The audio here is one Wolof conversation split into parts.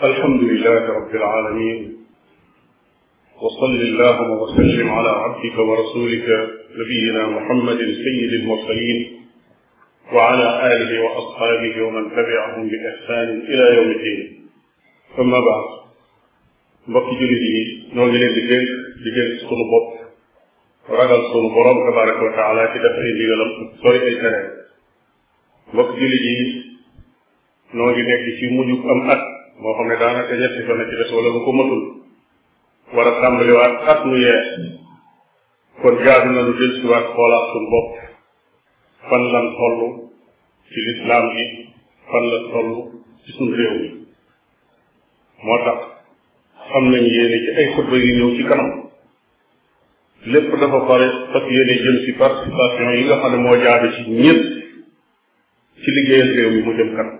alhamdulilah rabbil alamin وصل اللهم وسلم على عبدك ورسولك نبينا محمد سيد المرسلين وعلى آله وأصحابه ومن تبعهم بإحسان إلى يوم الدين أما بعد mbokki jullit yi ñoo ngi leen di dénk di dénk sunu bopp ragal sunu borom tabaraka wa taala ci def ay ndigalam sori ay tere mbokki jullit yi ñoo ngi nekk ci mujjub am at moo xam ne daanaka ñetti fan ci des wala lu ko matul war a tàmbaliwaat at mu yees kon jaadu na lu del siwaat xoolaat suñ fan lan toll ci lislaam gi fan lan toll ci suñ réew mi moo tax am nañ yéene ci ay xutba yu ñëw ci kanam lépp dafa pare fas yéene jëm ci participation yi nga xam ne moo jaadu ci ñëpp ci liggéeyal réew mi mu jëm kanam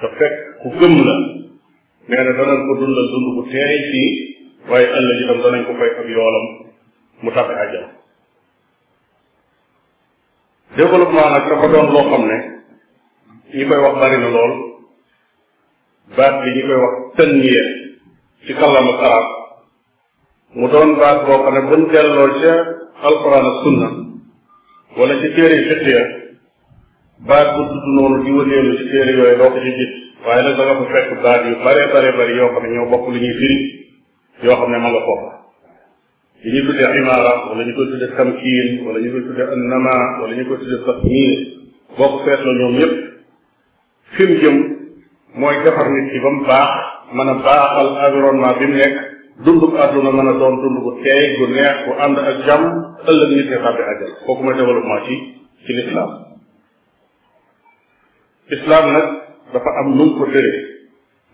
te fekk ku gëm la nee na danañ ko dundal dund bu teey fii waaye ëllëg itam danañ ko fay ak yoolam mu tàbbi àjjana développement nag doon loo xam ne ñi koy wax bari na lool baat bi ñi koy wax tënniye ci kàllaama arab mu doon baat boo xam ne buñ delloo ca alquran ak sunna wala ci téere fiqh ya baat bu tudd noonu di wëndeelu ci téere yooyu doo ko ci gis waaye nag da nga baat yu bare bare bari yoo xam ñoo bokk lu ñuy firi yoo xam ne ma nga foofa li ñu tuddee imaara wala ñu koy tuddee tamkiin wala ñu koy tuddee annama wala ñu koy tuddee tasmiir boo ko seetloo ñoom yépp fi mu jëm mooy defar nit ki ba baax mën a baaxal environnement bi mu nekk dund àdduna mën a doon dund bu teey gu neex bu ànd ak jàmm ëllëg nit ki xàbbi àjjal kooku mooy développement ci ci l'islam islam nag dafa am nu mu ko tëree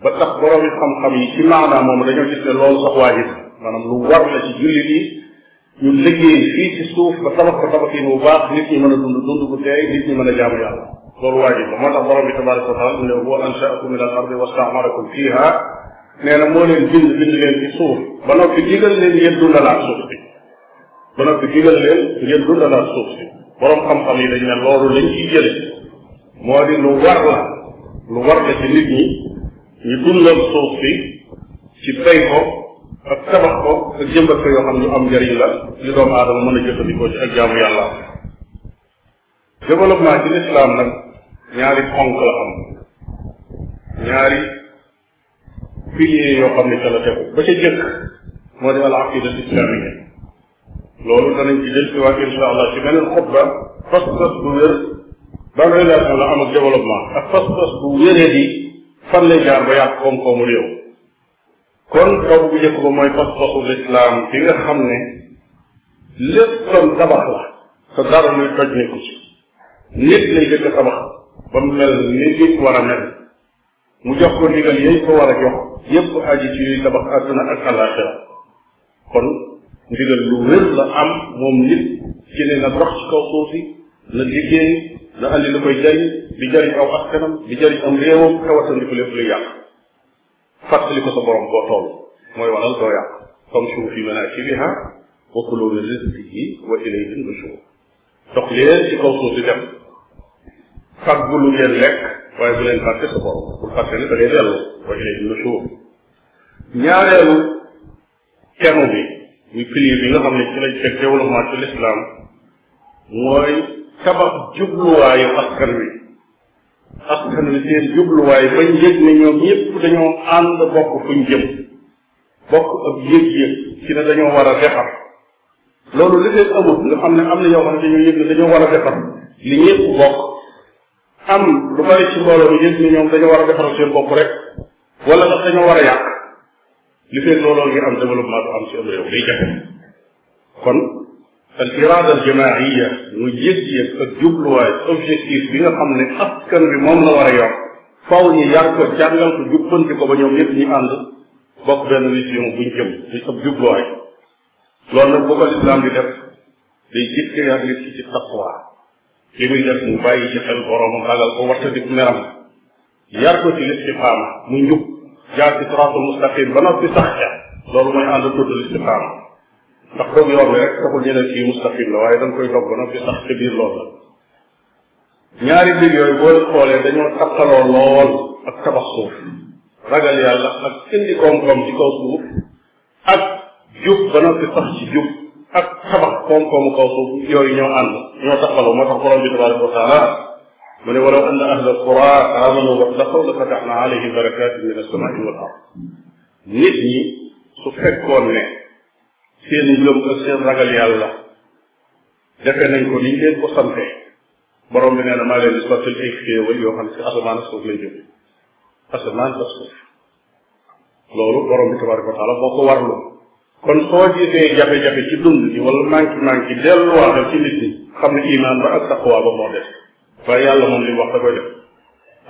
ba tax boromi xam-xam yi ci maanaa moom dañoo gis ne loolu sax waajib maanaam lu war la ci jullit yi ñu liggéey fii ci suuf ba tabax ko tabax bu baax nit ñi mën a dund dund bu teey nit ñi mën a jaamu yàlla loolu waajib la moo tax borom bi tabaraka wa taala ne na moo leen bind bind ba noppi digal leen ba noppi digal leen ngeen yi dañ ne loolu lañ moo di lu war la lu war la ci nit ñi ñu dundal suuf si ci bay ko tabax ko ak jëmbat ko yoo xam ne am njariñ la li doomu aadama mën a jëfandikoo ci ak jaamu yàlla développement ci lislaam nag ñaari ponk la am ñaari piliers yoo xam ne ca la tegu ba ca jëkk moo di al aqida islamiyya loolu danañ ci dellusiwaat insha allah ci beneen xutba fas fas bu wér ban relation la am ak développement ak pas-pas bu wéree di fan lay jaar ba yàq koom-koomu réew kon kaw bu njëkk ba mooy pas-pasu lislaam bi nga xam ne léppam tabax la te dara luy toj nekku ci nit lay jëkk a tabax ba mu mel ni nit war a mel mu jox ko ndigal yooyu ko war a jox yépp aji ci yuy tabax àdduna ak àllaaxira kon ndigal lu wér la am moom nit ci ne na dox ci kaw suuf si na liggéey na andi lu koy jariñ di jariñ aw askanam di jariñ am réewam te wasandiku lépp luy yàq fàttali ko sa borom boo toll mooy waral doo yàq famshu fi manaakibiha wa kulu min rizqihi wa ilayhi lu ngeen lekk waaye bu leen fàtte sa borom bul fàtte ne da ngay dellu wa ilayhi nushur ñaareelu kenn bi muy pilier bi nga xam ne mooy sabab jubluwaayu askan wi askan wi seen jubluwaay bañ yëg ne ñoom ñëpp dañoo ànd bokk fuñ jëm bokk ak yëg-yëg ci ne dañoo war a defar loolu li leen amul nga xam ne am na ñoo xam ne dañoo war a defar li ñëpp bokk am lu bari ci mbooloo mi yëg ne ñoom dañoo war a defaral seen bopp rek wala sax dañoo war a yàq li fekk looloo ngi am développement am ci am réew day jafe kon al irada al jamaaiya muy yëg-yëg ak jubluwaay objectif bi nga xam bi moom la war a yor faw ñu yar ko jàngal ko jubbanti ko ba ñoom ñëpp ñu ànd bokk benn vision buñ jëm muy ab jubluwaay def day jikke yar nit taqwa li muy def mu bàyyi ci xel boroomam ragal ko wattandi meram yar mu njub jaar ci siraatul mustaqim ba noppi sax ca loolu mooy ànd tudd listiqaama ndax dog yoon wi rek taxul ñu ne kii mustaqim la waaye danga koy dog ba noppi sax ci biir loolu la ñaari mbir yooyu boo leen xoolee dañoo takkaloo lool ak tabax suuf ragal yàlla ak indi koom-koom ci kaw suuf ak jub ba noppi sax ci jub ak tabax koom-koomu kaw suuf yooyu ñoo ànd ñoo takkaloo moo tax borom bi tabaraka wa taala mu ne walaw anna ahla alqura amanu wattaqaw la fataxna alayhim barakatin min assamai wal ard nit ñi su fekkoon ne seen ngëm ak seen ragal yàlla defe nañ ko niñ leen ko sante borom bi nee na loolu borom bi tabaraka wa taala boo ko warlu kon soo gisee jafe-jafe ci dund gi wala manque manque delluwaatal ci nit ñi xam ne imaan ba ak taqwa ba moo def waaye yàlla moom li wax da koy def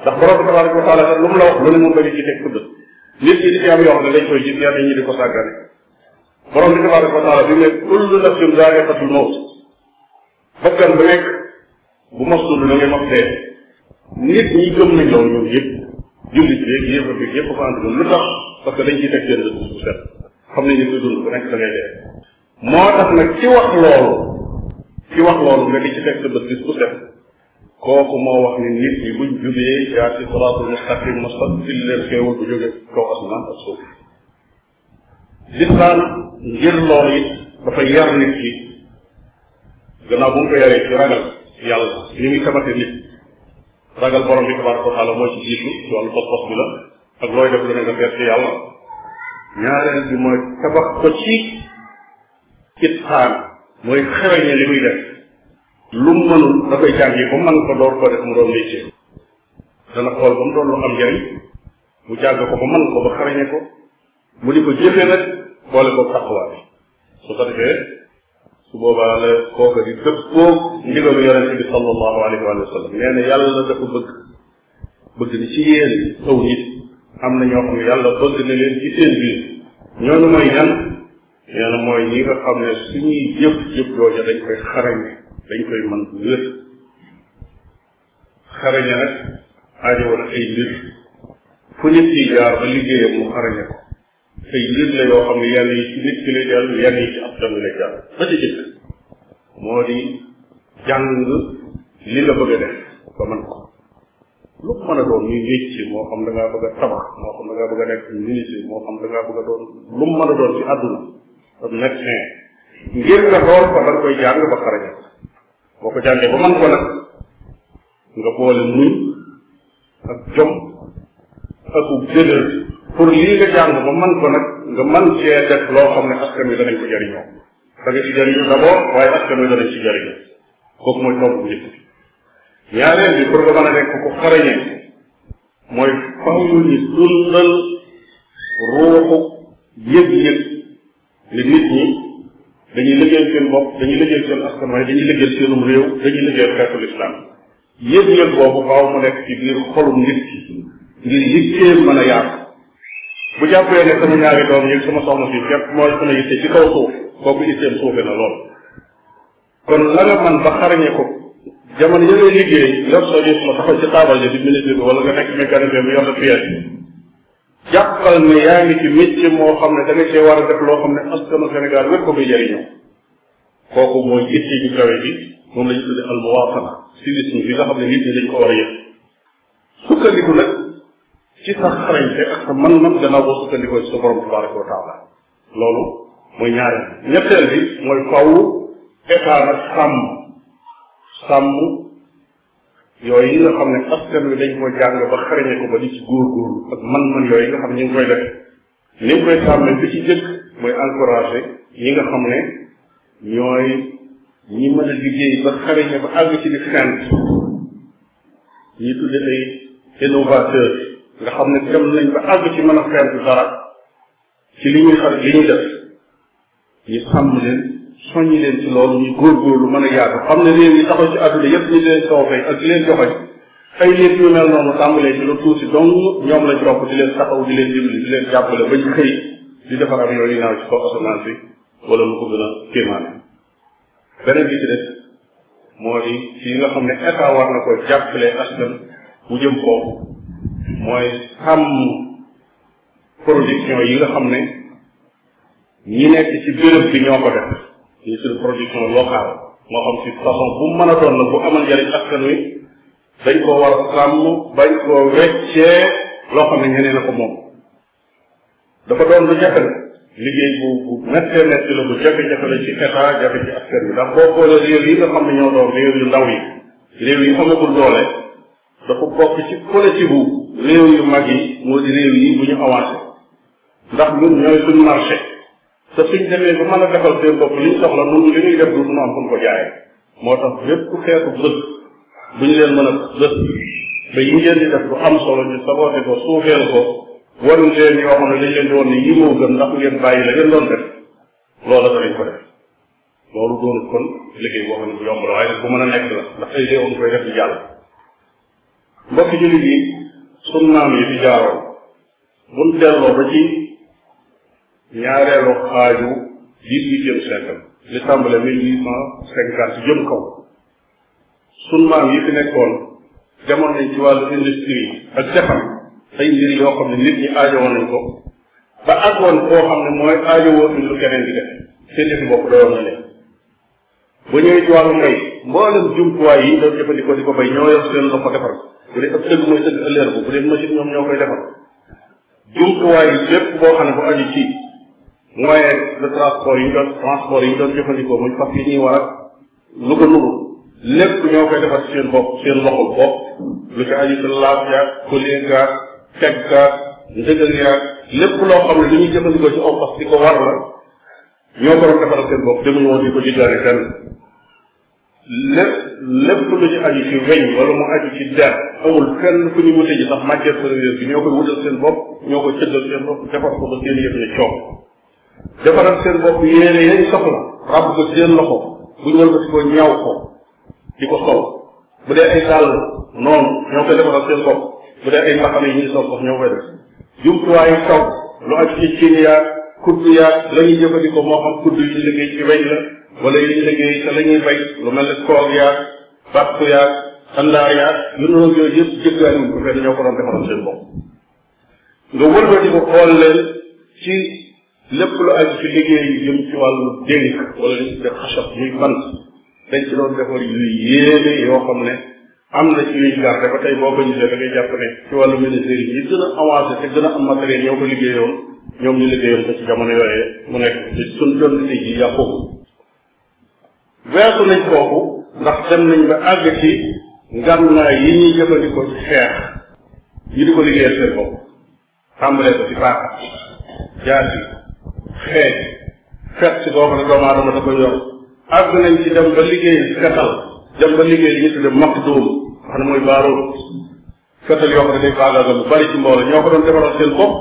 ndax borom bi tabaraka wa lu mu la wax lu ne mu bëri ci teg tudd nit ñi di am yoo xam ne dañ koy gis ñenn ñi di ko sàggane borom bi tabaraka wa taala bi ne kullu nafsin zaa'iqatul mawt bakkan bu nekk bu mos dund da ngay mos dee nit ñi gëm nañ loolu ñoom yëpp jullit bi yeeg yëpp bi yëpp ko ànd lu tax parce que dañ ciy teg seen dund bu set xam nañ ne nga dund ku nekk da ngay dee moo tax nag ci wax loolu ci wax loolu nga di ci teg sa bët bis bu set kooku moo wax ni nit ñi buñ jubee yaa ci siraatul mustaqim ma sotti leen xéewal bu jóge kaw asmaan ak suuf lislaam ngir loolu it dafay yar nit ki gannaaw bu mu ko yaree ci ragal yàlla ni muy sabate nit ragal borom bi tabaraka wa taala moo ci jiitu ci wàllu pas-pas bi la ak looy def lu ne nga seet ci yàlla ñaareel bi mooy tabax ko ci itxaan mooy xereñe li muy def lu mu mënul da jàngi ko mu doon lu am njëriñ mu jàng ko ba mën ko ba xarañe ko mu di ko jëfee nag boole ko taqwa bi su ko su boobaa la kooka di dëppoog ndigalu yonente bi sallallahu alayhi wa sallam nee na yàlla dafa bëgg bëgg ni ci yéen aw nit am na ñoo xam yàlla bëgg na leen ci mooy ñan nee na mooy ñi nga xam ne suñuy jëf jëf jooja dañ koy xarañe dañ koy mën bu wér xarañe nag aajowal ay fu nit yi jaar ba liggéeyam mu xarañe te mbir la yoo xam ne yenn yi nit ki lay dellu yenn yi ci ab tam lay dellu ba ci jëkk moo di jàng li la bëgg a ba mën ko lu ko a doon muy wécc moo xam da ngaa bëgg a tabax moo xam da ngaa bëgg a doon lu mu a doon ci àdduna ab médecin ngir nga doon ko da nga koy jàng ba xaraña boo ko jàngee ba mën ko nag nga boole muñ ak jom ak ub dëgër pour lii nga jàng ba mën ko nag man mën def loo xam ne askan wi danañ ko jariñoo da nga ci jariñu d'abord waaye mooy tomb bu njëkk bi pour nga mën a nekk ku xarañee mooy faw ñu dundal ruuxu yëg-yëg li nit ñi dañuy liggéeyal seen bopp dañuy liggéeyal seen askan waaye dañuy liggéeyal seenum réew dañuy liggéeyal xeetu lislaam yëg boobu faaw mu nekk biir xolum nit ki ngir yittee mën a yaatu bu jàppee ne sama ñaari doom yi sama soxna si képp mooy sama yitte ci kaw suuf kooku itteem suufe na lool kon la nga man ba xarañe ko jamono yëlee liggéey yor soo gis ma taxaw ci taabal ji di ministre ne yaa ngi ci métier moo xam ne da nga cee war a def loo xam ne ko koy jëriñoo kooku mooy itte ju kawe bi moom la ñu tudde almuwaafana si gis ñi bi nga xam ne nit ñi dañ ko war a yëg sukkandiku nag ci sa xarañte ak sa man-man gannaaw boo sukkandikoo ci sa borom tabaraka wa taala loolu mooy ñaareel ñetteel bi mooy faw état nag sàmm sàmm yooyu yi nga xam ne askan wi dañ ko jàng ba xarañee ko ba di ci góorgóorlu ak man-man yooyu nga xam ne ñu ngi koy def ni ngi koy sàmmee bi ci jëkk mooy encouragé ñi nga xam ne ñooy ñi mën a liggéey ba xarañee ba àgg ci di fent ñi tudde ay innovateur nga xam ne dem nañ ba àgg ci mën a fent dara ci li ñuy xar li ñuy def ñu sàmm leen soññi leen ci loolu ñu góorgóorlu mën a yaatu xam ne leen yi taxaw ci àdduna leen soofee ak leen joxoñ ay lépp yu mel noonu tàmbalee ci lu tuuti dong ñoom lañ topp leen taxaw di leen jàppale ba ñu xëy di defar ak yooyu naaw ci kaw asamaan si wala lu ko gën a kéemaane beneen bi ci des moo di ci nga xam ne état war na ko jàppale askan bu jëm foofu mooy xam production yi nga xam ne ñi nekk ci béréb bi ñoo ko def ñu suñu production locale moo xam ci façon bu mën a doon la bu amal njariñ askan wi dañ koo war a sàmm bañ koo weccee loo xam ne ñeneen a ko moom dafa doon lu jafe liggéey bu bu méttee métti la bu jafe-jafe ci état jafe ci askan wi ndax boo xoolee réew yi nga xam ne ñoo doon réew yu ndaw yi réew yi amagul doole dafa bokk ci collectif bu réew yu mag yi moo di réew yi bu ñu avancé ndax ñun ñooy suñ marché te suñ demee ba mën a defal seen bopp liñ soxla du suñu fu ñu ko jaayee moo tax lépp xeetu bët bu ñu leen mën a bët ba yi ngeen di def du am solo ñu saboote ko suufeel ko leen yoo xam ne dañ leen di woon ne yi moo gën ndax ngeen bàyyi la ngeen doon def loola danañ ko def loolu doonu kon liggéey boo xam ne yomb la waaye nag bu mën a nekk la ndax ay réewam koy def di jàll mbokk jullit yi sun maam yi fi jaaroon buñ delloo ba ci ñaareelu xaaju dix-huitième siècle li tàmbale mille huit cent cinquante jëm kaw sun yi fi nekkoon demoon nañ ci ak defar ay mbir yoo xam ne nit ñi aajowoon nañ ko ba àggoon koo xam ne mooy aajowoo ñu lu keneen di def seen yëfi bopp doyoon na leen bu ñëwee ci wàllu mbay mboolem jumtuwaay yi doon jëfandikoo di ko bay ñoo yor seen loxo defar ko bu dee ab tëgg mooy tëgg ëlleer bu bu dee machine ñoom ñoo koy defar jumtuwaay lépp boo xam ne bu aju ci moyen de transport yi ñu doon transport yi ñu doon jëfandikoo muy fas yi ñuy war ak lu ko nuru lépp ñoo koy defar seen bopp seen loxol bopp lu ci aju ci laaf yaag collier gaag teg gaag ndëgal yaag lépp loo xam ne li ñuy jëfandikoo ci aw di ko war la ñoo ko doon defaral seen bopp demuñu woon di ko jëgaale kenn lépp lépp lu ñu aju ci weñ wala mu aju ci der amul fenn fu ñu wute ji sax matière première bi ñoo koy wutal seen bopp ñoo koy tëggal seen bopp defar ko ba seen yëf ne coow defaral seen bopp yéene yañ soxla ràbb ko seen loxo bu ñu ko si ko ñaw ko di ko sol bu dee ay dàll noonu ñoo koy defaral seen bopp bu dee ay mbaxane yi ñuy sol sax ñoo koy def jumtuwaayu taw lu aju ci cin yaag kudd yaag la ñuy jëfandikoo moo xam kudd yu ñu liggéey ci weñ la wala yu ñu liggéey te la ñuy lu mel ne koog yaag bàpp yaag andaar yaag yu nuroog yooyu yëpp jëggaaniñ ko fenn ñoo ko doon defaroon seen bopp nga wëlbati ko xool leen ci lépp lu aju ci liggéey yi jëm ci wàllu dénk wala li ñu def xasab muy ci doon defar yu yéene yoo xam ne am na ci yuñ garde ba tey boo ko gisee da ngay jàpp ne ci wàllu ministère yi gën a avancé te gën a am matériel ñoo ko liggéeyoon ñoom ñu liggéeyoon ko ci jamono yooyu mu nekk ci suñ jonni tey ji yàqu weesu nañ foofu ndax dem nañ ba àgg ci ngànnaay yi ñuy jëfandikoo ci xeex ñu di ko liggéeyal seen bopp tàmbalee ko ci paaka jaasi xeej fet si boo xam doomu aadama da koy yor àgg nañ ci dem ba liggéeyal fetal dem ba liggéeyal ñu tudde maq dóom wax ne mooy baaroot fetal yoo xam ne day faagaagal lu bari ci mbooloo ñoo ko doon defaral seen bopp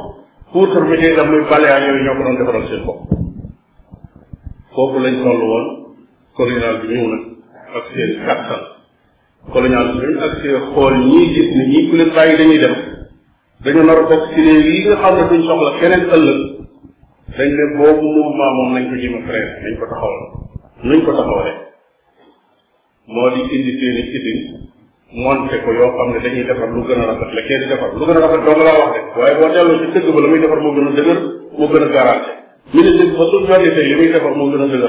puutar bi ngay dem muy balaa yooyu ñoo ko doon defaral seen bopp foofu lañ toll woon colonial bi ñëw na ak seen colonial bi dañ ak seen xool ñii gis ne ñii ku leen bàyyi dañuy dem dañu nar a bokk ci réew yi keneen ëllëg dañ ne boobu mouvement moom nañ ko jéem a nañ ko taxawal nañ ko taxawalee moo di indi seen i idin monté ko yoo xam ne dañuy defar lu gën a rafet la kenn di defar lu gën a rafet doo laa wax rek waaye boo delloo ci dëgg ba la muy defar moo gën a dëgër moo gën a garanté ministre la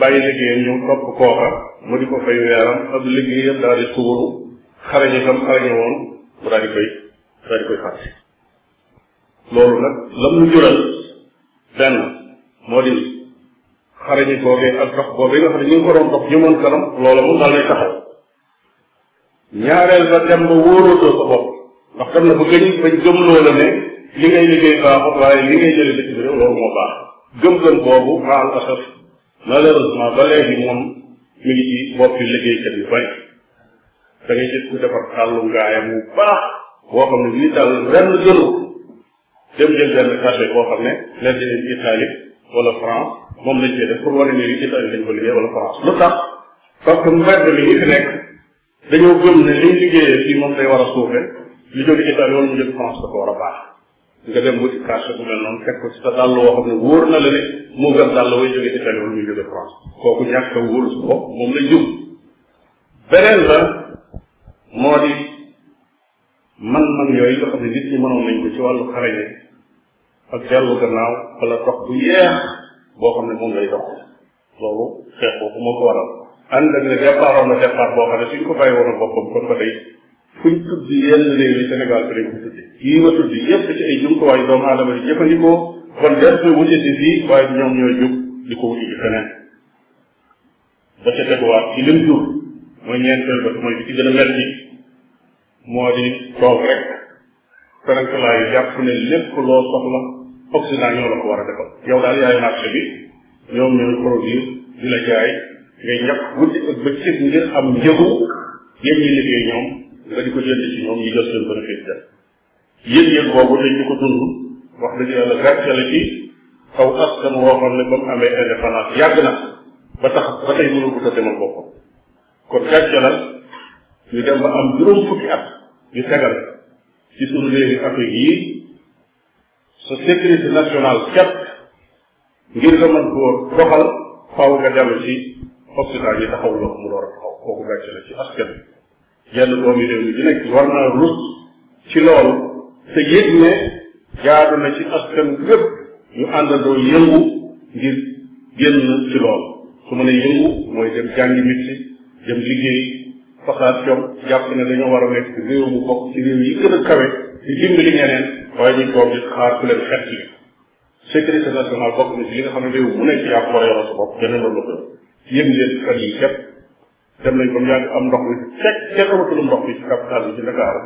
bàyyi liggéeyam ñëw topp kooka mu di ko fay weeram ab liggéeyam daal di tuuru xarañe kam xarañe woon mu daal di koy daal di koy fàtte loolu benn moo di xarañe googee ak dox boobee nga xam ne ñu ngi ko doon dox jëmoon kanam loola moom daal lay taxaw ñaareel ba dem ba wóorootoo sa bopp ndax dem na ba gëñ bañ gëm loola ne li ngay liggéey baaxut waaye li ngay jële dëkk bi rek loolu moo baax gëm-gëm boobu maal asaf malheureusement ba léegi moom mi ngi ci boppi liggéeykat yu bari da ngay gis ku defar xàllu ngaayam bu baax boo xam ne li daal ren gënu dem jël benn cachet boo xam ne leen di leen Italie wala France moom lañ koy def pour wane ni Italie lañ ko liggéey wala France lu tax parce que mbedd mi ngi fi nekk dañoo gëm ne liñ liggéeyee fii moom day war a suufe li jóge Italie wala mu jóge France ko war a baax nga dem wuti carte bu mel noonu fekk ko ci sa dàll woo xam ne wóor na la ne moo gën dàll way jóge Italie wala muy jóge France kooku ñàkk a wóolu su bopp moom lay jub beneen la moo di man-man yooyu nga xam ne nit ñi mënoon nañ ko ci wàllu xarañe ak dellu gannaaw wala dox bu yeex boo xam ne moom lay dox loolu xeex boobu moo ko waral ànd ak ne départ na départ boo xam ne suñ ko bàyyi woon boppam kon ko tey fu ñu tudd yenn réew yi Sénégal dinañ ko tudd yii ma tudd ci ay jumtuwaay doomu aadama di jëfandikoo kon des na wute si fii waaye ñoom ñoo jóg di ko wuti ci feneen ba ca teguwaat ci lim jur mooy ñeenteel ba mooy bi ci gën a metti moo di toog rek ferenklaa yu jàpp ne lépp loo soxla occident ñoo la ko war a defal yow daal yaay marché bi ñoom ñooy produire di la jaay ngay ñàkk guddi ak bëccëg ngir am njëgu yéen ñi liggéey ñoom nga di ko ci ñoom ñu jot seen bénéfice def yëg-yëg boobu dañ ñu ko dund wax dëgg yàlla gàcce la ci aw askan woo xam ne ba amee indépendance yàgg ba tax ba tey mënul ko demal boppam kon gàcce la ñu dem am juróom fukki at ñu tegal ci sunu réewi Afrique yi sa sécurité nationale képp ngir nga mën koo doxal faaw nga dellu ci hôpital yi taxaw loo mu door a taxaw kooku gàcce la ci yenn doomi réew mi di nekk war naa rus ci loolu te yëg ne jaadu na ci askan wépp ñu àndandoo yëngu ngir génn ci loolu su ma ne yëngu mooy dem jàngi métier dem liggéey faxaat jom jàpp ne dañoo war a nekk réew mu bokk ci réew yi gën a kawe di dimbali ñeneen waaye ñu toog di xaar ku leen xet li sécurité nationale bokk na ci li nga xam ne réew mu nekk yaa ko war a yoroon sa bopp yëg leen fan yi képp dem nañ ba mu yàgg am ndox mi fekk kenn amatul ndox mi ci capital bi ci Dakar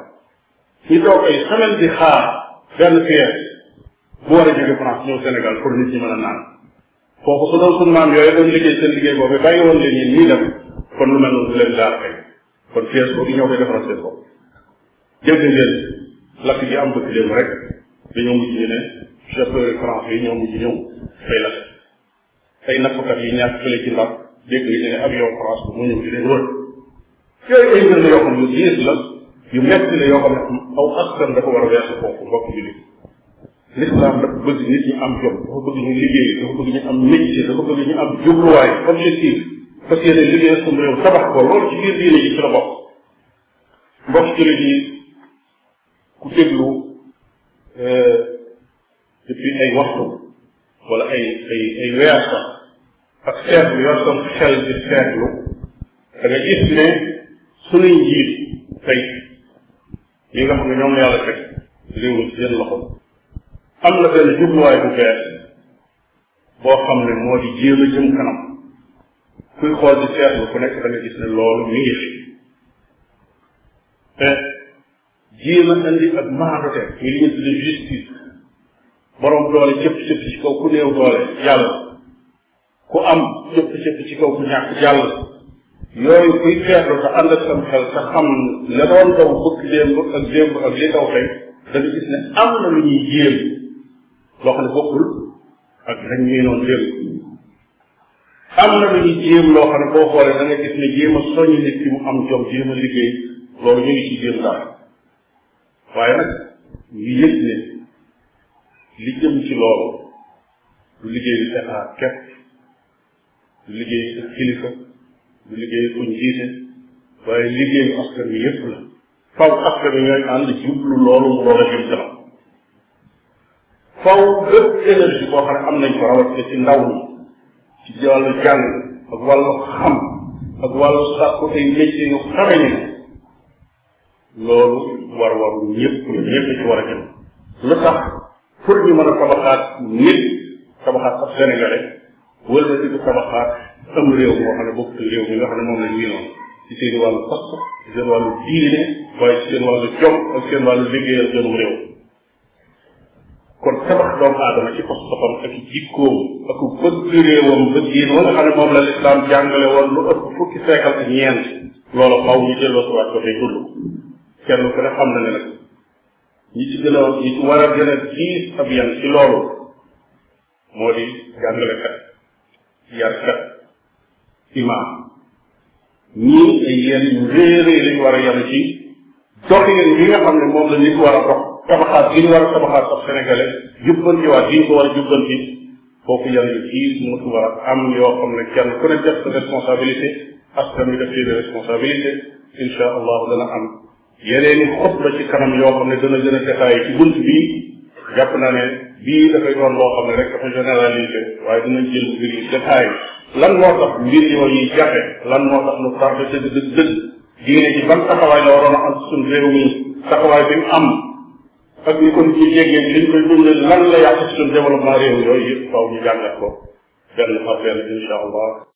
ñu toog ay semaine di xaar benn pièce bu war a jóge France ñëw Sénégal pour nit ñi mën a naan foofu su doon suñu maam yooyu doon liggéey seen liggéey boobu bàyyi woon leen yéen ñuy dem kon lu mel noonu du leen laal tey kon pièce boobu ñoo koy defaral seen bopp dégg ngeen lakk gi am bëgg leen rek dañoo mujj ñu ne chauffeur France yi ñoo mujj ñëw fay lakk ay nappkat yi ñàkk fële ci Ndar dégg nga ne avion France bu moo ñëw di leen wër yooyu ay mbir la yoo xam ne yées la yu metti la yoo xam ne aw askan dafa war a weesu foofu mbokk jullit l'islam dafa bëgg nit ñi am jom dafa bëgg ñu liggéey dafa bëgg ñu am métier dafa bëgg ñu am jubluwaay objectif parce que liggéey suñu réew tabax ko loolu ci biir diine ji ci la bokk mbokk jullit yi ku déglu euh, depuis ay waxtu wala ay ay ay weer sax ak seetlu yor sam xel di seetlu da nga gis ne sunuy njiit tey li nga xam ne ñoom yàlla teg léewul ci am na benn jubluwaay bu bees boo xam ne moo di jéem a jëm kuy xool di seetlu ku nekk da nga gis ne loolu mi ngi fi te jéem a indi ak maandute muy li ñu tudde justice borom doole cëpp cëpp ci kaw ku am cëpp-cëpp ci kaw ku ñàkk jàll yooyu kuy feetlu te ànd ak sam xel te xam la doon daw bëgg démb ak démb ak li daw tey da nga gis ne am na lu ñuy jéem loo xam ne bokkul ak dañ ñuy noonu démb am na lu ñuy jéem loo xam ne boo xoolee da nga gis ne jéem a soññ nit ki mu am jom jéem a liggéey loolu ñu ngi ci jéem daal waaye nag ñu yëg ne li jëm ci loolu lu liggéey bi seetaa képp du liggéey ak kilifa liggéey buñ jiite waaye liggéeyu askan wi yépp la faw askan wi ñooy ànd loolu mu doon a jëm faw bépp énergie boo xam ne am nañ ko rawatina ci ndaw ñi ci wàllu jàng ak wàllu xam ak wàllu sàkku ay métier yu xarañe loolu war waru ñëpp ñëpp ci war a jëm lu tax pour ñu mën a tabaxaat nit wëlbati bu tabaxaat am réew moo xam ne bokk réew mi nga xam ne moom lañ miinoon ci seen wàllu sax ci seen wàllu diine waaye ci seen wàllu jom ak seen wàllu liggéeyal seenum réew kon tabax doomu aadama ci pas-pasam ak jikkoom ak bëgg réewam ba diin wa nga xam ne moom la lislaam jàngale woon lu ëpp fukki seekal ak ñeent loolu faw ñu delloo si waat ko tey dund kenn ku ne xam na ne nag ñi ci gën a ñi ci war a gën a diis ab yan ci loolu moo di jàngalekat yarkat imaam ñii ay yenn yu réeréer lañu war a yem ci doxin bi nga moom la nit war a dox tabaxaat gi war tabaxaat sax sénégalais jubbantiwaat gi ko war jubbanti foofu yàlla yu diis mosu war am yoo xam ne ku ne def sa responsabilité askan bi def seen responsabilité insha allahu am yeneeni xutba ci kanam yoo xam ne dana gën a détaillé ci bunt bii bii dafay doon loo xam ne rek dafa généralisé waaye dinañ jël mbir yi détail lan moo tax lan moo tax nu tardé dëgg dëgg dëgg diine ji ban taxawaay la waroon a am suñ réew mi taxawaay bi mu am ak ni ko nit ñi jéggee liñ koy dundal lan la yàq suñ développement réew yooyu yëpp faw ñu jàngat ko benn par allah